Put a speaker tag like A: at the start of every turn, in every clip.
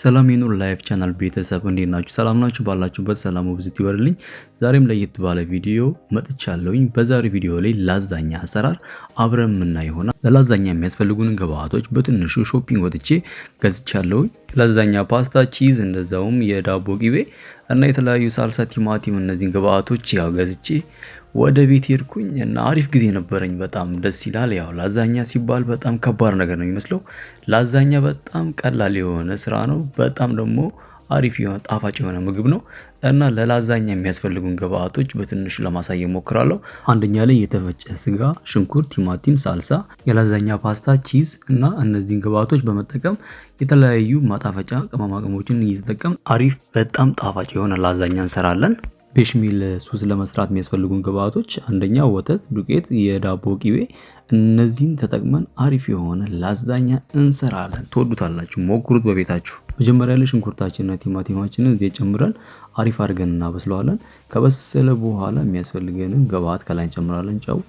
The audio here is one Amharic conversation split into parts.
A: ሰላም የኑር ላይፍ ቻናል ቤተሰብ እንዴት ናችሁ? ሰላም ናችሁ? ባላችሁበት ሰላሙ ብዝት ይበልልኝ። ዛሬም ለየት ባለ ቪዲዮ መጥቻለሁኝ። በዛሬ ቪዲዮ ላይ ላዛኛ አሰራር አብረን ምና ይሆናል። ለላዛኛ የሚያስፈልጉንን ግብአቶች በትንሹ ሾፒንግ ወጥቼ ገዝቻለሁኝ። ላዛኛ ፓስታ፣ ቺዝ፣ እንደዛውም የዳቦ ቂቤ እና የተለያዩ ሳልሳ፣ ቲማቲም እነዚህን ግብአቶች ያው ገዝቼ ወደ ቤት ሄድኩኝ እና አሪፍ ጊዜ ነበረኝ። በጣም ደስ ይላል። ያው ላዛኛ ሲባል በጣም ከባድ ነገር ነው የሚመስለው። ላዛኛ በጣም ቀላል የሆነ ስራ ነው። በጣም ደግሞ አሪፍ የሆነ ጣፋጭ የሆነ ምግብ ነው እና ለላዛኛ የሚያስፈልጉን ግብአቶች በትንሹ ለማሳየት ሞክራለሁ። አንደኛ ላይ የተፈጨ ስጋ፣ ሽንኩርት፣ ቲማቲም፣ ሳልሳ፣ የላዛኛ ፓስታ፣ ቺዝ እና እነዚህን ግብአቶች በመጠቀም የተለያዩ ማጣፈጫ ቅመማ ቅመሞችን እየተጠቀም አሪፍ በጣም ጣፋጭ የሆነ ላዛኛ እንሰራለን። ቤሽሚል ሚል ሱስ ለመስራት የሚያስፈልጉን ግብአቶች አንደኛ ወተት፣ ዱቄት፣ የዳቦ ቂቤ። እነዚህን ተጠቅመን አሪፍ የሆነ ላዛኛ እንሰራለን። ትወዱታላችሁ፣ ሞክሩት በቤታችሁ። መጀመሪያ ላይ ሽንኩርታችንና ቲማቲማችንን እዚህ ጨምረን አሪፍ አድርገን እናበስለዋለን። ከበሰለ በኋላ የሚያስፈልገንን ግብአት ከላይ እንጨምራለን። ጨው፣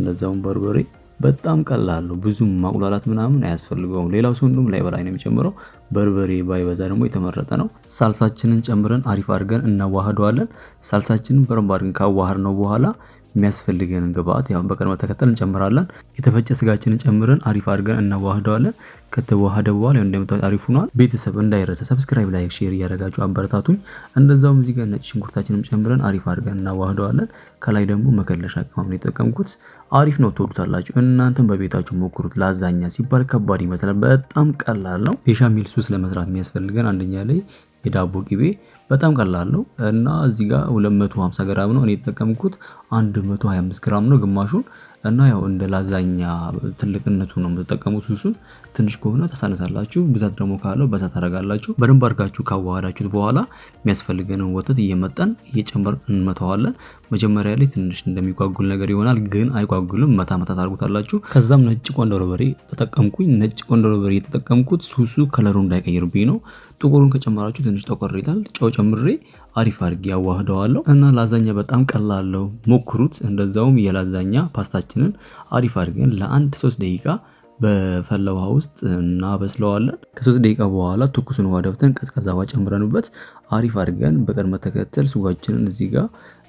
A: እነዛውን በርበሬ በጣም ቀላል ነው። ብዙም ማቁላላት ምናምን አያስፈልገውም። ሌላው ሰው እንደውም ላይ በላይ ነው የሚጨምረው። በርበሬ ባይበዛ ደግሞ የተመረጠ ነው። ሳልሳችንን ጨምረን አሪፍ አድርገን እናዋህደዋለን። ሳልሳችንን በረንብ አድርገን ካዋህድ ነው በኋላ የሚያስፈልገንን ግብአት ያው በቅደም ተከተል እንጨምራለን። የተፈጨ ስጋችንን ጨምረን አሪፍ አድርገን እናዋህደዋለን። ከተዋሃደ በኋላ ያው እንደምታዩት አሪፍ ሆኗል። ቤተሰብ እንዳይረሳ ሰብስክራይብ፣ ላይክ፣ ሼር እያደረጋችሁ አበረታቱኝ። እንደዛውም እዚህ ጋር ነጭ ሽንኩርታችንም ጨምረን አሪፍ አድርገን እናዋህደዋለን። ከላይ ደግሞ መከለሻ ቅመም የጠቀምኩት አሪፍ ነው፣ ትወዱታላችሁ። እናንተም በቤታችሁ ሞክሩት። ላዛኛ ሲባል ከባድ ይመስላል፣ በጣም ቀላል ነው። ቤሻሚል ሱስ ለመስራት የሚያስፈልገን አንደኛ ላይ የዳቦ ቅቤ በጣም ቀላል ነው እና እዚህ ጋር 250 ግራም ነው እኔ የተጠቀምኩት 125 ግራም ነው ግማሹን እና ያው እንደ ላዛኛ ትልቅነቱ ነው የምትጠቀሙት። ሱሱን ትንሽ ከሆነ ታሳነሳላችሁ፣ ብዛት ደግሞ ካለው በዛት ታደርጋላችሁ። በደንብ አድርጋችሁ ካዋሃዳችሁት በኋላ የሚያስፈልገንን ወተት እየመጠን እየጨመር እንመተዋለን። መጀመሪያ ላይ ትንሽ እንደሚጓጉል ነገር ይሆናል፣ ግን አይጓጉልም። መታ መታ ታርጉታላችሁ። ከዛም ነጭ ቆንዶ በሬ ተጠቀምኩኝ። ነጭ ቆንዶ በሬ የተጠቀምኩት ሱሱ ከለሩ እንዳይቀይርብኝ ነው። ጥቁሩን ከጨመራችሁ ትንሽ ጠቆር ይላል። ጨው ጨምሬ አሪፍ አድርጌ ያዋህደዋለሁ እና ላዛኛ በጣም ቀላለው ሞክሩት። እንደዛውም የላዛኛ ፓስታችንን አሪፍ አድርገን ለአንድ ሶስት ደቂቃ በፈላ ውሃ ውስጥ እናበስለዋለን። ከሶስት ደቂቃ በኋላ ትኩሱን ውሃ ደፍተን ውሃ ጨምረንበት አሪፍ አድርገን በቅደም ተከተል ስጓችንን እዚህ ጋር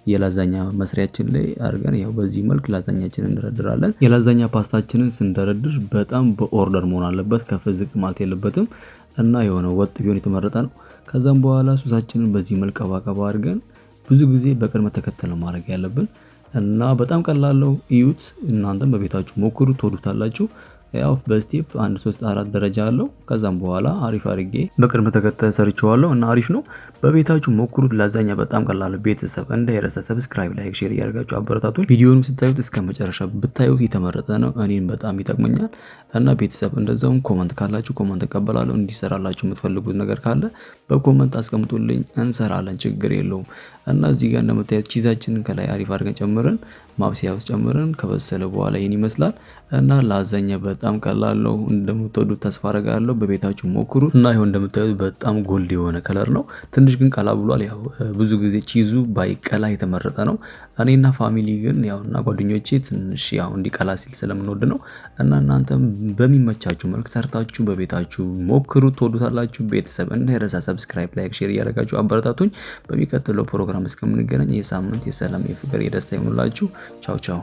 A: የላዛኛ መስሪያችን ላይ አድርገን ያው በዚህ መልክ ላዛኛችን እንደረድራለን። የላዛኛ ፓስታችንን ስንደረድር በጣም በኦርደር መሆን አለበት፣ ከፍ ዝቅ ማለት የለበትም እና የሆነ ወጥ ቢሆን የተመረጠ ነው። ከዛም በኋላ ሱሳችንን በዚህ መልክ ቀባቀባ አድርገን ብዙ ጊዜ በቅድመ ተከተል ማድረግ ያለብን እና በጣም ቀላለው። እዩት፣ እናንተም በቤታችሁ ሞክሩ፣ ትወዱታላችሁ። ያው በስቴፕ አንድ ሶስት አራት ደረጃ አለው። ከዛም በኋላ አሪፍ አድርጌ በቅደም ተከተል ሰርቼዋለሁ እና አሪፍ ነው። በቤታችሁ ሞክሩት። ላዛኛ በጣም ቀላል። ቤተሰብ እንዳይረሳ ሰብስክራይብ፣ ላይክ፣ ሼር እያደርጋችሁ አበረታቱን። ቪዲዮንም ስታዩት እስከ መጨረሻ ብታዩት የተመረጠ ነው። እኔን በጣም ይጠቅመኛል እና ቤተሰብ እንደዛውም ኮመንት ካላችሁ ኮመንት እቀበላለሁ። እንዲሰራላችሁ የምትፈልጉት ነገር ካለ በኮመንት አስቀምጡልኝ፣ እንሰራለን። ችግር የለውም እና እዚህ ጋር እንደምታዩት ቺዛችንን ከላይ አሪፍ አድርገን ጨምረን ማብሰያ ውስጥ ጨምረን ከበሰለ በኋላ ይህን ይመስላል እና ላዛኛ በጣም ቀላል ነው። እንደምትወዱት ተስፋ አረጋለሁ። በቤታችሁ ሞክሩ እና ይኸው እንደምታዩት በጣም ጎልድ የሆነ ከለር ነው። ትንሽ ግን ቀላ ብሏል። ያው ብዙ ጊዜ ቺዙ ባይቀላ የተመረጠ ነው። እኔና ፋሚሊ ግን ያው እና ጓደኞቼ ትንሽ ያው እንዲቀላ ሲል ስለምንወድ ነው እና እናንተም በሚመቻችሁ መልክ ሰርታችሁ በቤታችሁ ሞክሩ። ትወዱታላችሁ። ቤተሰብ እንዳይረሳ ሰብስክራይብ፣ ላይክ፣ ሼር እያደረጋችሁ አበረታቱኝ። በሚቀጥለው ፕሮግራም እስከምንገናኝ የሳምንት የሰላም የፍቅር የደስታ ይሆኑላችሁ። 走走。